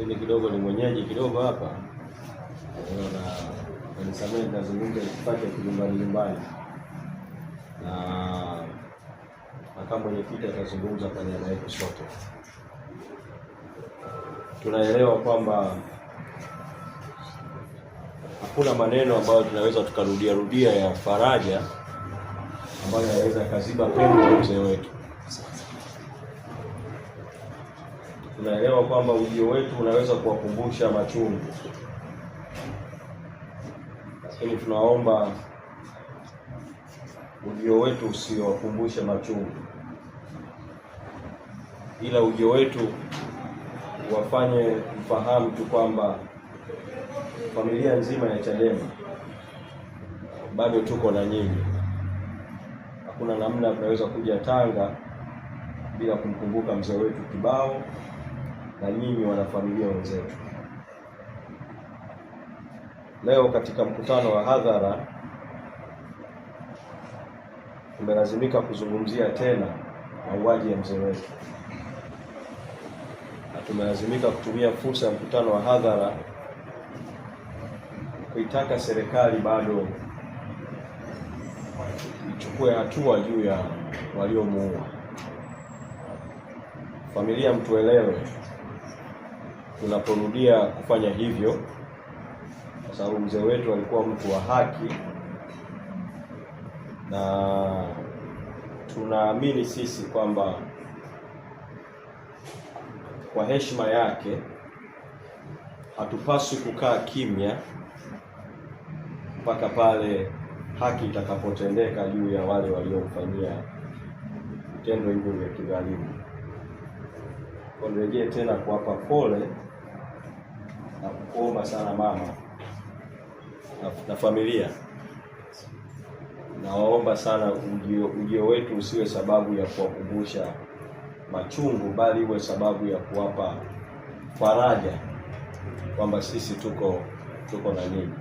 ili kidogo ni mwenyeji kidogo hapa na nisamehe, nazungumza kipate kijumbani nyumbani, na makamu mwenyekiti atazungumza kwa niaba yetu sote. Tunaelewa kwamba hakuna maneno ambayo tunaweza tukarudia rudia ya faraja ambayo yanaweza kaziba pengo ya mzee wetu. tunaelewa kwamba ujio wetu unaweza kuwakumbusha machungu, lakini tunaomba ujio wetu usiwakumbushe machungu, ila ujio wetu wafanye mfahamu tu kwamba familia nzima ya Chadema bado tuko na nyinyi. Hakuna namna tunaweza kuja Tanga bila kumkumbuka mzee wetu Kibao na nyinyi wanafamilia wenzetu. Leo katika mkutano wa hadhara tumelazimika kuzungumzia tena mauaji ya mzee wetu, na tumelazimika kutumia fursa ya mkutano wa hadhara kuitaka serikali bado ichukue hatua juu ya waliomuua. Familia, mtuelewe tunaporudia kufanya hivyo, kwa sababu mzee wetu alikuwa mtu wa haki, na tunaamini sisi kwamba kwa heshima yake hatupaswi kukaa kimya mpaka pale haki itakapotendeka juu ya wale waliomfanyia vitendo hivyo vya kidhalimu. Nirejee tena kuwapa pole na kukuomba sana mama na, na familia nawaomba sana ujio, ujio wetu usiwe sababu ya kuwakumbusha machungu, bali iwe sababu ya kuwapa faraja kwamba sisi tuko tuko na nini.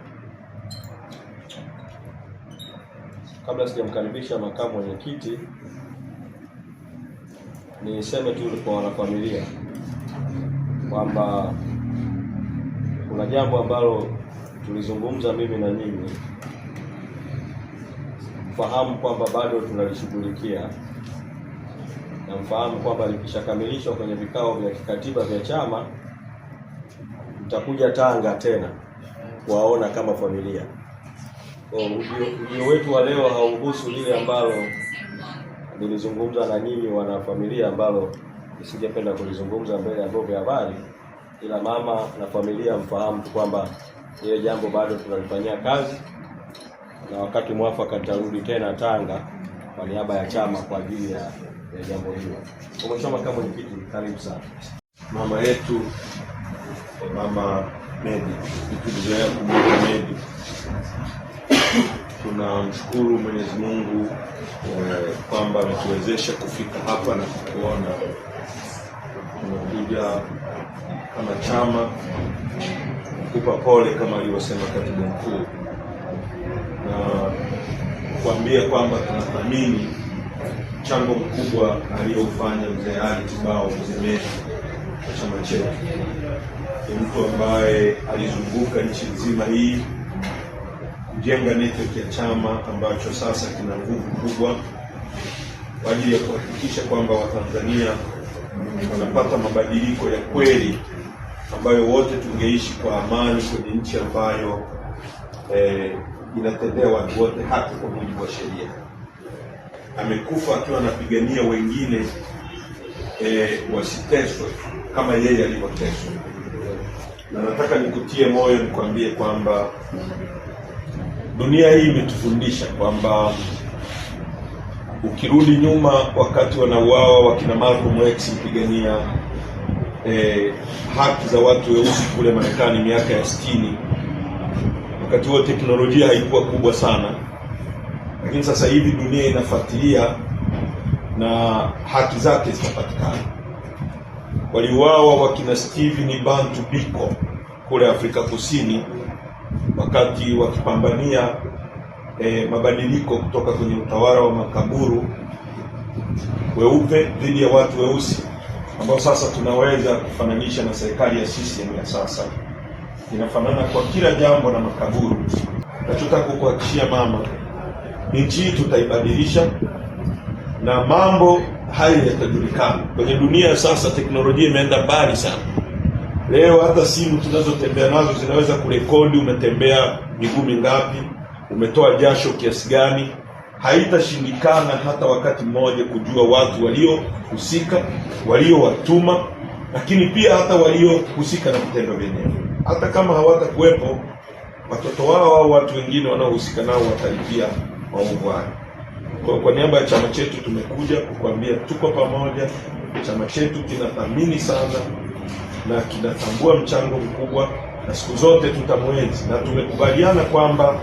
Kabla sijamkaribisha makamu mwenyekiti, niseme tu kwa wanafamilia kwamba kuna jambo ambalo tulizungumza mimi na nyinyi, mfahamu kwamba bado tunalishughulikia na mfahamu kwamba likishakamilishwa kwenye vikao vya kikatiba vya chama, mtakuja Tanga tena kuwaona kama familia. Ujio wetu wa leo hauhusu lile ambalo nilizungumza na nyinyi wanafamilia, ambalo nisingependa kulizungumza mbele ya vyombo vya habari kila mama na familia mfahamu kwamba ile jambo bado tunalifanyia kazi na wakati mwafaka tarudi tena Tanga kwa niaba ya chama kwa ajili ya, ya jambo hilo. Mheshimiwa Makamu Mwenyekiti, karibu sana. Mama yetu Mama Medi, tukizoea kumwita Medi, tunamshukuru Mwenyezi Mungu eh, kwamba ametuwezesha kufika hapa na kuona tunakuja kama chama kupa pole kama alivyosema katibu mkuu na kuambia kwamba tunathamini mchango mkubwa aliyoufanya mzee Ali Kibao, mzee kwa wa chama chetu. Ni mtu ambaye alizunguka nchi nzima hii kujenga network ya chama ambacho sasa kina nguvu kubwa kwa ajili ya kuhakikisha kwamba Watanzania wanapata mabadiliko ya kweli ambayo wote tungeishi kwa amani kwenye nchi ambayo eh, inatendea watu wote haki kwa mujibu wa sheria. Amekufa akiwa anapigania wengine eh, wasiteswe kama yeye alivyoteswa, na nataka nikutie moyo, nikwambie kwamba dunia hii imetufundisha kwamba ukirudi nyuma, wakati wanauawa wakina Malcolm X mpigania eh, haki za watu weusi kule Marekani miaka ya 60. Wakati huo teknolojia haikuwa kubwa sana, lakini sasa hivi dunia inafuatilia na haki zake zinapatikana. Waliuawa wakina Stephen Bantu Biko kule Afrika Kusini wakati wakipambania eh, mabadiliko kutoka kwenye utawala wa makaburu weupe dhidi ya watu weusi ambao sasa tunaweza kufananisha na serikali ya CCM ya sasa, inafanana kwa kila jambo na makaburu. Nachotaka kukuhakikishia mama, nchi hii tutaibadilisha na mambo hayo yatajulikana. Kwenye dunia sasa teknolojia imeenda mbali sana. Leo hata simu tunazotembea nazo zinaweza kurekodi umetembea miguu mingapi, umetoa jasho kiasi gani haitashindikana hata wakati mmoja kujua watu waliohusika, waliowatuma, lakini pia hata waliohusika na vitendo vyenyewe. Hata kama hawatakuwepo, watoto wao au watu wengine wanaohusika nao watalipia maovu hayo. Kwa, kwa niaba ya chama chetu tumekuja kukuambia tuko pamoja. Chama chetu kinathamini sana na kinatambua mchango mkubwa, na siku zote tutamwenzi, na tumekubaliana kwamba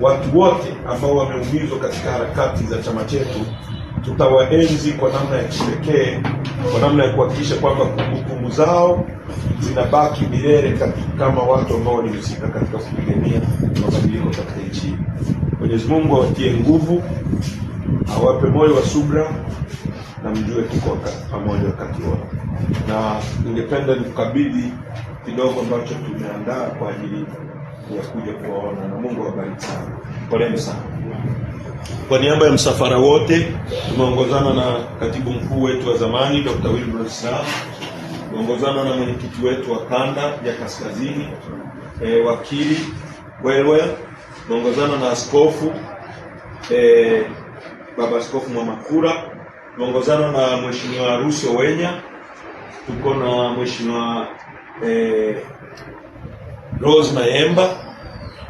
watu wote ambao wameumizwa katika harakati za chama chetu tutawaenzi kwa namna ya kipekee, kwa namna ya kuhakikisha kwamba kumbukumbu zao zinabaki milele kama watu ambao walihusika katika kupigania mabadiliko katika nchi hii. Mwenyezi Mungu awatie nguvu, awape moyo wa subra, na mjue tuko pamoja wakati wote, na ningependa nikukabidhi kidogo ambacho tumeandaa kwa ajili ya kuja kuona na Mungu awabariki sana. Poleni sana. Kwa niaba ya msafara wote tumeongozana na katibu mkuu wetu wa zamani Dr. Wilbrod Slaa, tumeongozana na mwenyekiti wetu wa kanda ya kaskazini eh, wakili Welwe, tumeongozana na askofu eh, baba askofu Mwamakura, tumeongozana na mheshimiwa Ruso Wenya, tuko na mheshimiwa eh, Rose Maemba,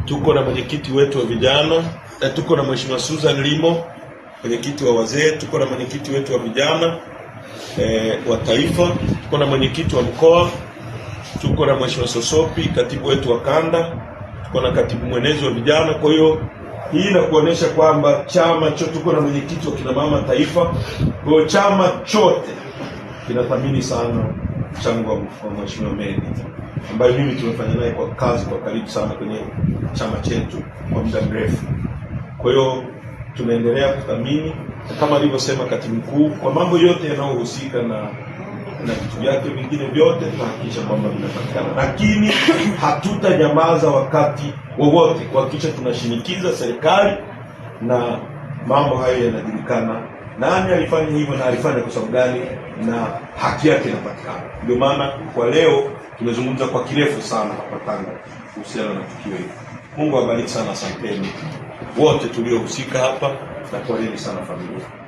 tuko na mwenyekiti wetu wa vijana na tuko na mheshimiwa Susan Limo, mwenyekiti wa wazee, tuko na mwenyekiti wetu wa vijana e, wa taifa, tuko na mwenyekiti wa mkoa, tuko na mheshimiwa Sosopi, katibu wetu wa kanda, tuko na katibu mwenezi wa vijana. Kwa hiyo hii na kuonesha kwamba chama chote, tuko na mwenyekiti wa kinamama taifa. Kwa hiyo chama chote kinathamini sana mchango wa mheshimiwa Mendi ambayo mimi tumefanya naye kwa kazi kwa karibu sana kwenye chama chetu kwa muda mrefu. Kwa hiyo tunaendelea kuthamini kama alivyosema katibu mkuu, kwa mambo yote yanayohusika na na vitu vyake vingine vyote tunahakikisha kwamba vinapatikana, lakini hatutanyamaza wakati wowote kuhakikisha tunashinikiza serikali na mambo hayo yanajulikana nani alifanya hivyo na alifanya kwa sababu gani, na haki yake inapatikana. Ndio maana kwa leo tumezungumza kwa kirefu sana hapa Tanga kuhusiana na tukio hili. Mungu awabariki sana, asanteni wote tuliohusika hapa na kwarini sana familia.